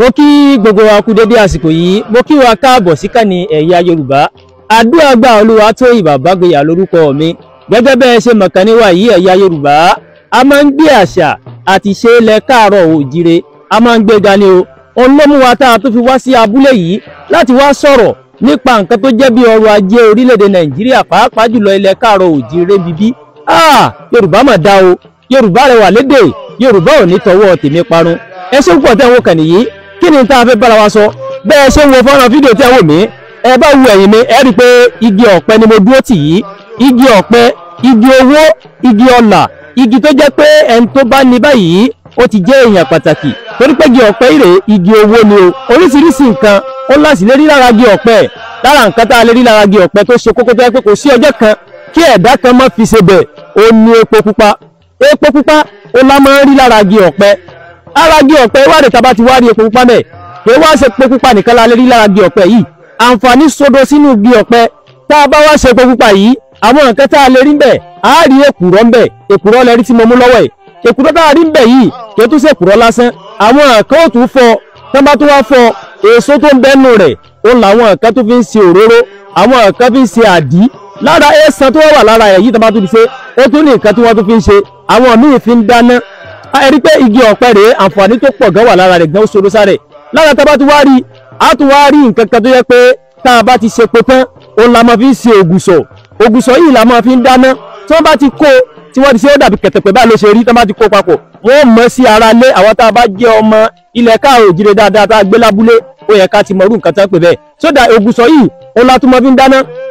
mo kí gbogbo wa kú dédé àsìkò yìí mo kí wa káàbọ̀ síkànnì ẹ̀yà yorùbá àdúrà gba olúwa tó ìbàbágbéyà lórúkọ mi gẹ́gẹ́ bẹ́ẹ̀ ṣe mọ̀kan níwà yìí ẹ̀yà yorùbá a máa ń gbé àṣà àti ṣe ilẹ̀ káàárọ̀ òjire a máa ń gbé ga ni o òun ló tá a tó fi wá sí abúlé yìí láti wá sọ̀rọ̀ nípa nǹkan tó jẹ́ bí ọrọ̀ ajé orílẹ̀-èdè nàìjíríà pàápàá jùlọ ilẹ̀ káàárọ̀ òjire bíbí ah yorùbá mà dá o yorùbá rẹwà lédè yorùbá ò ní tọwọ́ tèmi parun ẹ ṣé púpọ̀ tẹ́ ń kàn nìyí kí ni tá a fẹ́ bára wa sọ bẹ́ẹ̀ ṣe ń wo fọ́nrán fídíò tí ẹ wò mí ẹ bá wu ẹ̀yìn mi ẹ rí i pé igi ọ̀pẹ ni mo dúró tì yí igi ọ̀pẹ igi owó igi ọlà igi tó jẹ́ pé ẹni tó bá ní báyìí ó ti jẹ́ èèyàn pàtàkì torí pé igi ọ̀pẹ ìrè igi owó ni o oríṣiríṣi nǹkan ó láti lè rí lára igi ọ̀pẹ lára nǹkan tá a lè rí lára igi ọ̀pẹ tó ṣe kókó tó yẹ pé kò sí ọjọ́ kan kí ẹ̀dá kan má fi ṣe bẹ̀ ó ní epo pupa epo pupa ó lá máa ń rí lára igi ọ̀pẹ aragi ọ̀pẹ wádìí tá bá ti wádìí epo pupa mẹ́ẹ̀ kì í wá ṣe epo pupa nìkan la lè rí lára gi ọ̀pẹ yìí àǹfààní sodo sínú gi ọ̀pẹ tá a bá wá ṣe epo pupa yìí àwọn nǹkan tá a lè rí bẹ́ẹ̀ á rí èkùrọ́ bẹ́ẹ̀ èkùrọ́ lẹ rí tí mo mú lọ́wọ́ ẹ̀ èkùrọ́ tá a rí bẹ́ẹ̀ yìí kì í tún ṣe èkùrọ́ lásán àwọn nǹkan ò tún fọ tán bá tún wá fọ èso tó ń bẹ́nu rẹ̀ ó làwọn nǹkan tó fi ń ṣe òróró àwọn nǹkan fi ń ṣe àdí lára ẹ̀sán tó wà lára ẹ̀ yìí tán bá tún fi ṣe ó tún ní nǹkan tí wọ́n tún fi ń ṣe àwọn míì fi ń dáná ẹ rí pé igi ọ̀pẹ rèé àǹfààní tó pọ̀ gan wà lára rẹ̀ gan ó ṣòro sáré lára tá a bá ti wá rí a tún wá rí nǹkan kan tó yẹ pé tá a bá ti ṣe pé tán òun la máa fi ń ṣe ògùsọ̀ ògùsọ̀ yìí la máa fi ń dáná tí wọ́n bá ti kó tí wọ́n ti ṣe ó dàbí kẹ̀tẹ̀pẹ̀ báyìí ló ṣe rí tí wọ́n bá ti kó papọ̀ wọ́n mọ̀ sí ara lé àwọn tá a bá jẹ́ ọmọ ilẹ̀ káàrọ̀ òjìrè dáadáa tá a gbé lábúlé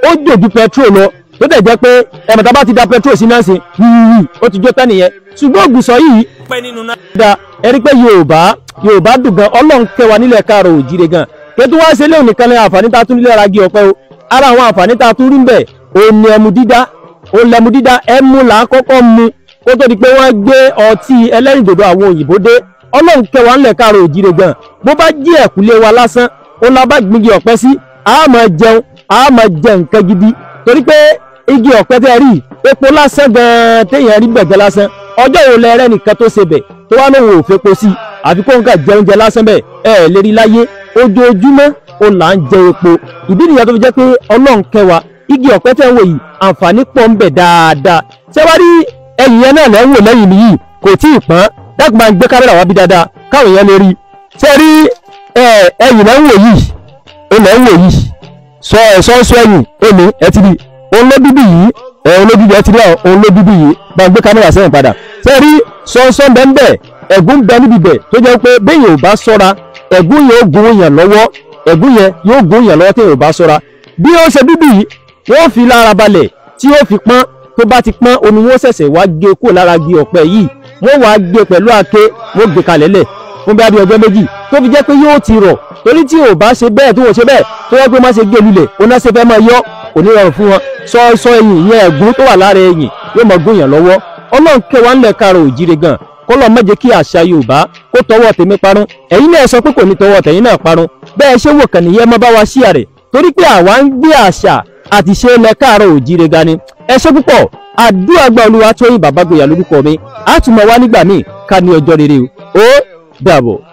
ó petrol lọ tó dẹ̀ jẹ́ pé ẹ̀mọ̀ta bá ti da petrol sí náà sí ó ti jó tán ṣùgbọ́n ògùsọ̀ yìí pẹ́ nínú náà. dáa ẹ rí pé yorùbá yorùbá dùn gan ọlọ́run kẹwàá nílẹ̀ káàrọ̀ òjíire gan pé tí wọ́n ṣe léwu nìkan lẹ́yìn àǹfààní tá a tún nílẹ̀ ara gé ọ̀pẹ o ara àwọn àǹfààní tá a tún rí ń bẹ̀ òní ẹmu dídá òní dídá ẹmu là á kọ́kọ́ mu kó tó di pé wọ́n gbé ọtí ẹlẹ́rìndòdò àwọn òyìnbó dé ọlọ́run kẹwàá ńlẹ̀ káàrọ̀ òjíire gan bó bá jí ẹ̀kúlé wa lásán ó la bá gbígi ọ̀pẹ sí a máa jẹun a máa jẹ nǹkan gidi torí pé igi ọ̀pẹ tẹ́ rí epo lásán gan-an téèyàn rí gbẹ̀gẹ́ lásán ọjọ́ wo lẹ rẹ́ nìkan tó ṣe bẹ̀ tó wá lóun ò fepo sí i àfi kó nǹkan jẹ oúnjẹ lásán bẹ́ẹ̀ ẹ ẹ̀ lérí láyé ojoojúmọ́ òun là ń jẹ epo ìdí nìyẹn tó fi jẹ́ pé ọlọ́run kẹwàá igi ọ̀pẹ tẹ̀ ń wò yìí àǹfààní pọ̀ ń bẹ̀ dáadáa ṣé wá rí ẹ̀yìn yẹn náà lẹ́ ń wò lẹ́yìn mi yìí kò tí ì pọ́n dákun máa ń gbé kámẹ́rà wá bí dáadáa káwọn yẹn lè rí ṣé rí ẹ̀yìn lẹ́ ń wò yìí ẹ̀ lẹ́ ń wò yìí sọ ẹ̀ sọ́ọ́sọ́ ẹ̀yìn èmi ẹ̀ ti rí olóbìbí yìí ẹ olójúbi ẹ ti rí olójúbi yìí bá gbé kámẹ́rà sẹ́yìn padà sẹ́rí sọ́nsọ́n bẹ́ẹ̀ bẹ́ẹ̀ ẹ̀gún bẹ níbi bẹ̀ tó jẹ́ pé béèyàn ò bá sọ́ra ẹ̀gún yẹn ó gun yàn lọ́wọ́ ẹ̀gún yẹn yóò gun yàn lọ́wọ́ téèyàn ò bá sọ́ra bí ó ṣe bíbí yìí wọ́n fi lára balẹ̀ tí ó fi pọ́n tó bá ti pọ́n omi wọn ṣẹ̀ṣẹ̀ wá gé kúrò lára gi ọ̀pẹ yìí wọ́n wá gé pẹ̀lú àáké wọ́n gbé kalẹ̀ lẹ̀ fún bí abẹ́ ọjọ́ méjì tó fi jẹ́ pé yóò ti rọ̀ torí tí ò bá ṣe bẹ́ẹ̀ tó wọ́n ṣe bẹ́ẹ̀ tó yẹ pé má ṣe gé lulẹ̀ ó ṣe fẹ́ máa yọ́ kò ní rọrùn fún wọn sọ sọ ẹyìn ìyẹn ẹ̀gún tó wà lára ẹyìn yóò mọ gún yàn lọ́wọ́ ọlọ́run kẹwàá ńlẹ̀ karò òjìrè gan kó lọ má jẹ́ kí àṣà yorùbá kó tọwọ́ tèmi parun ẹ̀yin náà sọ pé kò ní tọwọ́ tẹ̀yin náà parun bẹ́ẹ̀ ṣé wò kàn nìyẹn mọ́ bá wa ṣíà rẹ̀ torí pé àwa ń gbé àṣà àti ṣe ńlẹ̀ karò òjìrè gan ni ẹ ṣé àdúrà gba olúwa tó bàbá gbéyà lórúkọ mi á tún mọ wá nígbà míì ká ní ọjọ́ rere o ó dàbọ̀.